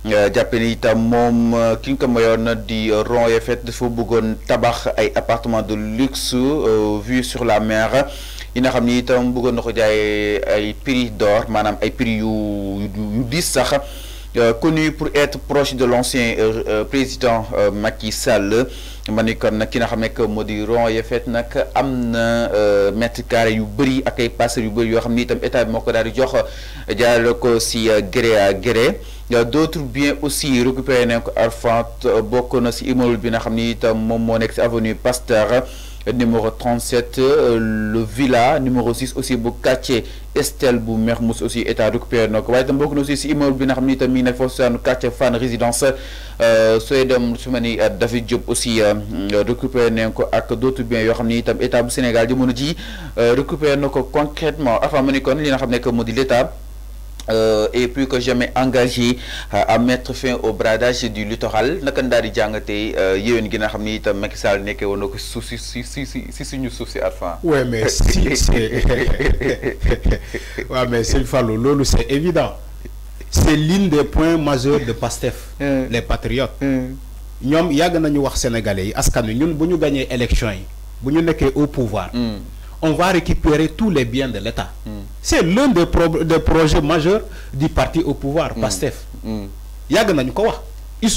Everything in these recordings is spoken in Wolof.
Euh, jàppe ni itam moom euh, ki nga ko mayoon di euh, Ron Yefet dafa bëggoon tabax ay appartement de luxe vue sur la mer yi nga xam ni itam bëggoon na ko jaay ay prix d'or maanaam ay prix yu yu diis sax Euh, connu pour être proche de l'ancien euh, euh, président euh, Macky Sall ma ni kon nag ki nga xam nekk Rond-Yefet nak amna na euh, mètre carré yu bëri ak ay passer yu bëri yo xam ni itam état bi moo ko jox jaarale ko si gré à gré d'autres biens aussi récupéré nak ko Arfant bokk na si immeuble bi nga xam ni itam moom moo nekk avenue Pasteur euh, numéro 37, euh, le Villa, numéro 6 aussi bu quartier Estelle bu aussi état récupéré na ko waaye itam bokk na aussi immeuble bi nga xam tam mi quartier fan résidence euh, sooy dem su ma ni David Job aussi récupéré nañ ak d'autres biens yo xamni tam état du Sénégal jamono ji récupéré na concrètement avant ma kon li nga xamné que modi l'état euh, et plus que jamais engagé euh, à mettre fin au bradage du littoral Nakandari daal di jàngatee euh, mais évident c'est des points majeurs de PASTEF. les patriotes. sénégalais au pouvoir. Mm on va récupérer tous les biens de l'État. C'est l'un des, pro des, projets majeurs du parti au pouvoir, hmm. PASTEF. Hmm.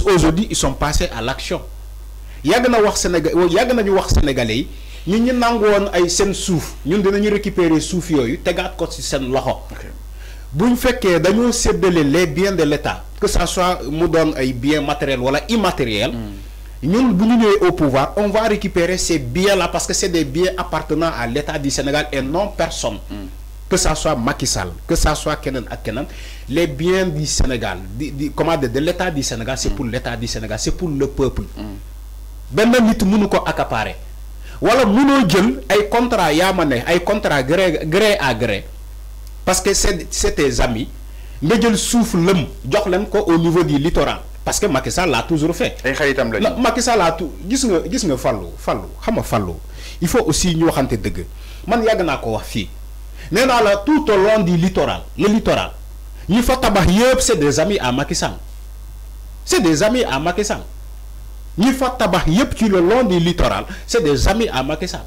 Aujourd'hui, ils sont passés à l'action. Yagana wax Sénégalais, ñun ñu nangu woon ay seen suuf ñun dinañu récupérer suuf yooyu tegaat ko ci seen loxo bu ñu fekkee dañoo séddale les biens de l'État que ça soit mu donne ay biens matériels wala immatériels hmm nous, nous sommes au pouvoir on va récupérer ces biens là parce que c'est des biens appartenant à l'État du Sénégal et non personne mm. que ce soit Macky Sall que ce soit Kenan ak les biens du Sénégal di de l'État du Sénégal c'est mm. pour l'État du Sénégal c'est pour le peuple mm. benn nit nous ko accaparer wala nous, nous ay contrat yaa contre ay contrat gré gré à gré parce que c'est tes amis Mais jël souffrent, lëm jox au niveau du littoral parce que Macky Sall l'a toujours fait. ay xaritam Macky Sall a tout. gis nga gis nga Fallou Fallou xam Fallou il faut aussi ñu waxante deug. man yag na ko wax fi. Néna la tout au long du littoral le littoral ñi fa tabax yépp c'est des amis à Macky Sall C'est des amis à Macky Sall ñi fa tabax yépp ci le long du littoral c'est des amis à Macky Sall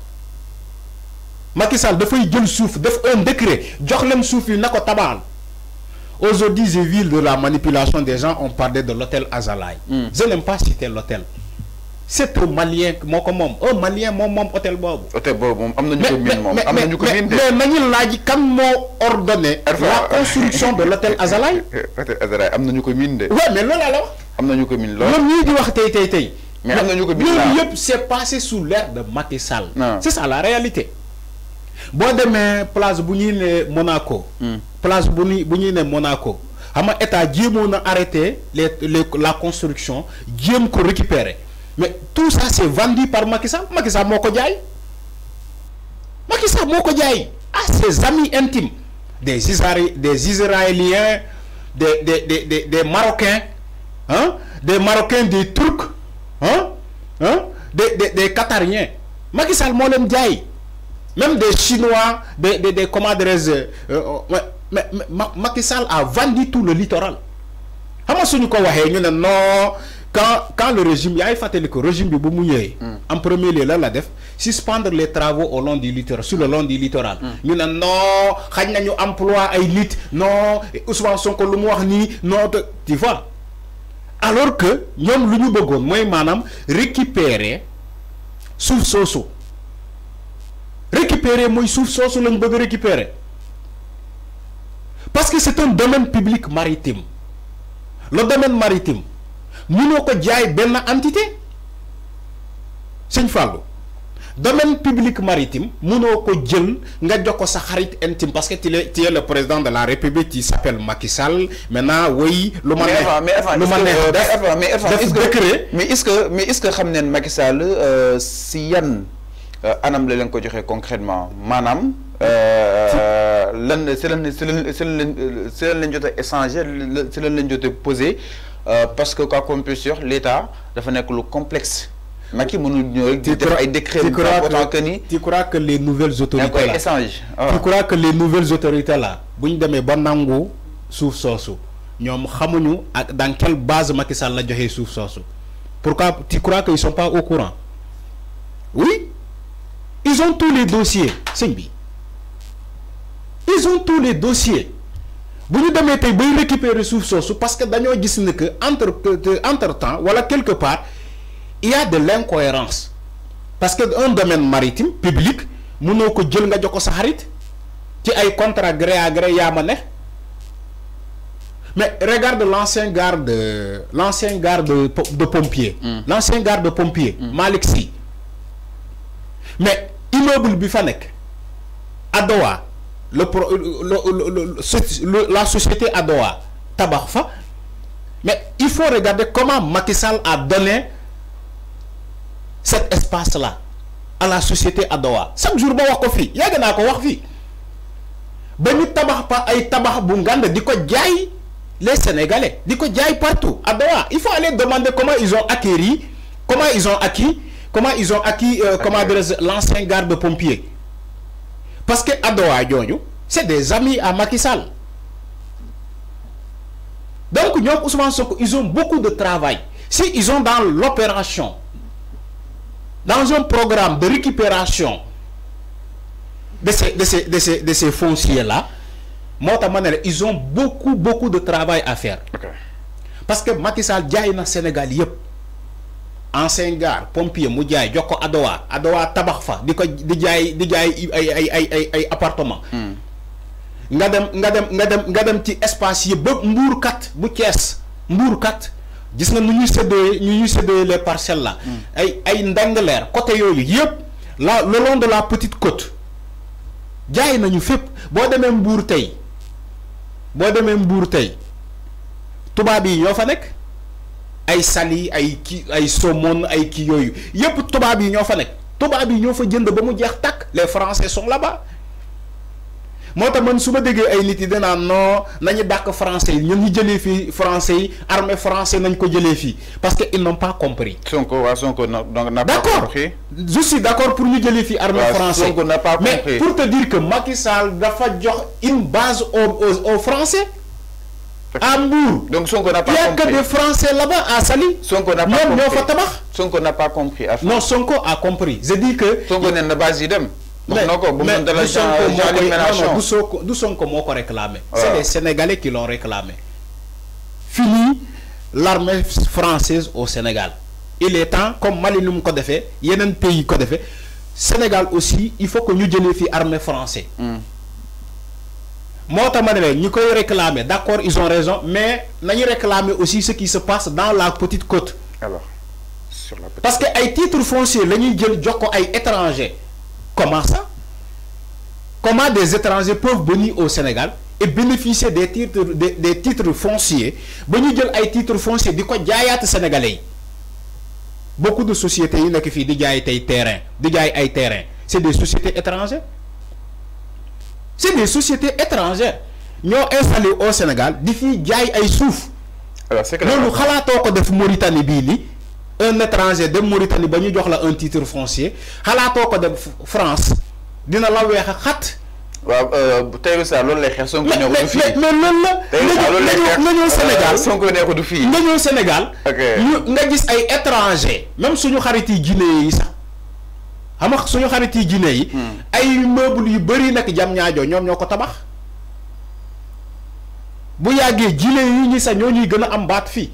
Macky Sall fay jël suuf def un décret jox leen suuf yi na ko Aujourd'hui, je ville de la manipulation des gens. On parlait de l'hôtel Azalai. Mm. Je n'aime pas citer l'hôtel. C'est un Malien, mon comme Un Malien, mon moi, hôtel Bob. Hôtel Bob, mais mais quand m'ont ordonné la construction de l'hôtel Azalai. L'hôtel Azalai, amna ñu ko minde. Ouais, mais non la. Amna ñu ko mine lola. Ñom ñi di wax tay Mais amna ñu ko mine. Ñom yépp c'est passé sous l'air de Macky Sall. C'est ça la réalité. Bon demain place buñi né Monaco. Hmm. place buñi buñi Monaco xama ma état dieu na arrêté les la construction djém ko récupérer mais tout ça c'est vendu par Macky Sall Macky Sall moo jaay Macky à ses amis intimes des Isra des Israéliens des des des des Marocains hein? des Marocains des Turcs hein? hein? des des des Qatariens Macky Sall moo jaay. Même des Chinois, des, des, des euh, mais, Macky Sall a vendu tout le littoral. Quand, quand le régime, il y a le régime de Boumouye, hmm. en premier lieu, là, la def, suspendre les travaux au long du littoral, sur le long du littoral. Nous mm. non, eu emploi à élite, non, Ousmane Sonko Lumouarni, non, tu vois. Alors que, nous, nous, nous, nous, manam récupérer sous Soso récupérer moi suuf soosu lañ bëgg récupérer parce que c'est un domaine public maritime le domaine maritime nous ko jaay benn entité sëñ Fallou domaine public maritime nous ko une nga sa xarit intime parce que tu es le président de la république qui s'appelle Macky Sall maintenant oui le mané euh, mais est-ce que mais est-ce que mais est Macky Sall euh, si yan euh, anam la ko concrètement manam euh, c'est si euh, lan c'est lan c'est lan c'est lan leen jotee posé parce que quand on peut dire l'État dafa nekk lu complexe mais qui ñëw rek di def ay décret que tu crois que les nouvelles autorités là échange ah. tu crois que les nouvelles autorités là bu ñu demee ba nangu suuf soso ñoom xamuñu ak dans quelle base Macky Sall la joxee suuf soso pourquoi tu crois que ils sont pas au courant oui ils ont tous les dossiers c'est ils ont tous les dossiers vous nous demandez vous bay récupérer ressources parce que dit ce que entre entre temps voilà quelque part il y a de l'incohérence parce que un domaine maritime public nous n'avons jël nga jox sa ci ay contrat gré à mais regarde l'ancien garde l'ancien garde de pompiers mm. l'ancien garde pompier pompiers, mm. Sy mais immeuble bi fa nek Adowa le pro la société Adowa tabax fa mais il faut regarder comment Macky a donné cet espace là à la société à chaque jour ba wax ko fi yàgg na ko wax fi ba ñu tabax pa ay tabax bu ngand diko les Sénégalais diko ko jaay partout Adowa il faut aller demander comment ils ont acquis comment ils ont acquis comment ils ont acquis euh, adresse l'ancien garde-pompier parce que Adoa c'est des amis à Macky Sall donc Ousmane ils ont beaucoup de travail si ils ont dans l'opération dans un programme de récupération de ces fonciers là ils ont beaucoup beaucoup de travail à faire. parce que Macky Sall a Sénégal ancien gare pompier mu jaay jox ko Adowa Adowa tabax fa di ko di jaay di jaay ay ay ay ay ay appartement hmm. nga dem nga dem nga dem nga dem ci espace yi ba mbuurkat bu Cees kat gis nga nu ñuy séddee ñu ñuy séddee les parcelle la hmm. ay ay ndengleer côté yooyu yëpp la le de la petite cote jaay nañu fépp boo demee mbuur tey boo demee mbuur tey tubaab yi ñoo fa nekk ay sali ay ki ay saumon ay qui yooyu yëpp tubaab yi ñoo fa nekk tubaab yi ñoo fa jënd ba mu jeex tàkk les français sont là-bas moo tax man su ma déggee ay nit yi danaa non nañu dàq français yi ñun ñu jëlee fii français yi armée français nañ ko jëlee fii parce que ils n'ont pas compris. Sonko waa Sonko na n'a pas compris. d'accord je suis d'accord pour ñu jëlee fii armée français mais pour te dire que Macky Sall dafa jox une base au au aux français à Donc, son qu'on n'a pas compris. Il n'y a que des Français là-bas à Sali. Son qu'on n'a pas compris. Son qu'on n'a pas compris. Non, Sonko a compris. j'ai dit que. Son qu'on n'a pas idem. Mais, mais d'où sont qu'on m'a réclamé C'est les Sénégalais qui l'ont réclamé. Fini l'armée française au Sénégal. Il est temps, comme Mali nous l'a fait, il y a un pays qui l'a fait. Sénégal aussi, il faut que nous génifions l'armée française. Hmm moo ma réclamer d'accord, ils ont raison mais nañu réclamer aussi ce qui se passe dans la petite côte. alors sur la petite parce que les titres fonciers les gens qui étrangers comment ça comment des étrangers peuvent venir au Sénégal et bénéficier des titres des titres fonciers boni titres fonciers di quoi sénégalais beaucoup de sociétés qui ont déjà été terrain des sociétés étrangères c'est des sociétés étrangères ñoo installé au Sénégal di fi jaay ay souf alors c'est clair loolu xalaato ko def Mauritanie bi li un étranger de Mauritanie bañu jox la un titre foncier xalaato ko def France dina la wéx a wa euh Taïba Sarr loolu lay xex Sonko nekk euh, du fii mais non la. nga ñëw Sénégal Sonko neexu du fi nga ñëw Sénégal. ñu nga gis ay étrangers. même suñu xarit yi Guinée yi sax. xam suñu xarit yi Guinée hmm. yi. ay meuble yu bëri nag jam ñaajo ñoom ñoo ko tabax. bu yàggee Guinée yi ñi sax ñoo ñuy gën a am baat fii.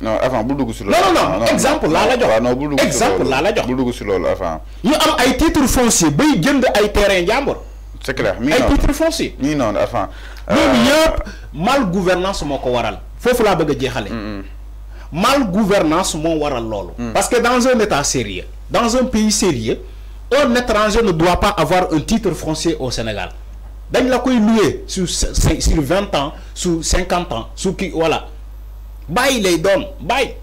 non avant bu dugg si loolu. non non exemple laa la jox. waaw non bu dugg si exemple laa la jox. bu dugg si loolu avant. ñu am ay titre foncier bay jënd ay terrain jàmbur. c'est mi ngi noonu ay titre foncier. mi ngi noonu avant. loolu euh, yëpp mal gouvernance moo ko waral foofu laa bëgg a jeexale mal gouvernance moo waral loolu. Mm. parce que dans un état sérieux dans un pays sérieux un étranger ne doit pas avoir un titre français au Sénégal dañ la koy louer sur sur 20 ans sur 50 ans sur qui, voilà Bye les donne, bye.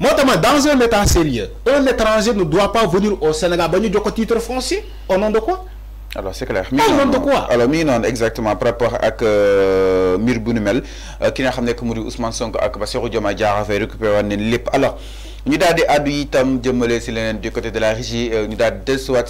Moi, dans un état sérieux un étranger ne doit pas venir au Sénégal Ben joko a un titre français. au nom de quoi. alors c'est clair nom de quoi alors mine ngi exactement par rapport à que euh, bu nu mel euh, ki nga xam que mu Ousmane Sonko ak Bassirou Diomaye Diakhar Faye récupéré woon nañ alors. Nous avons des àddu itam du côté de la régie Nous avons deux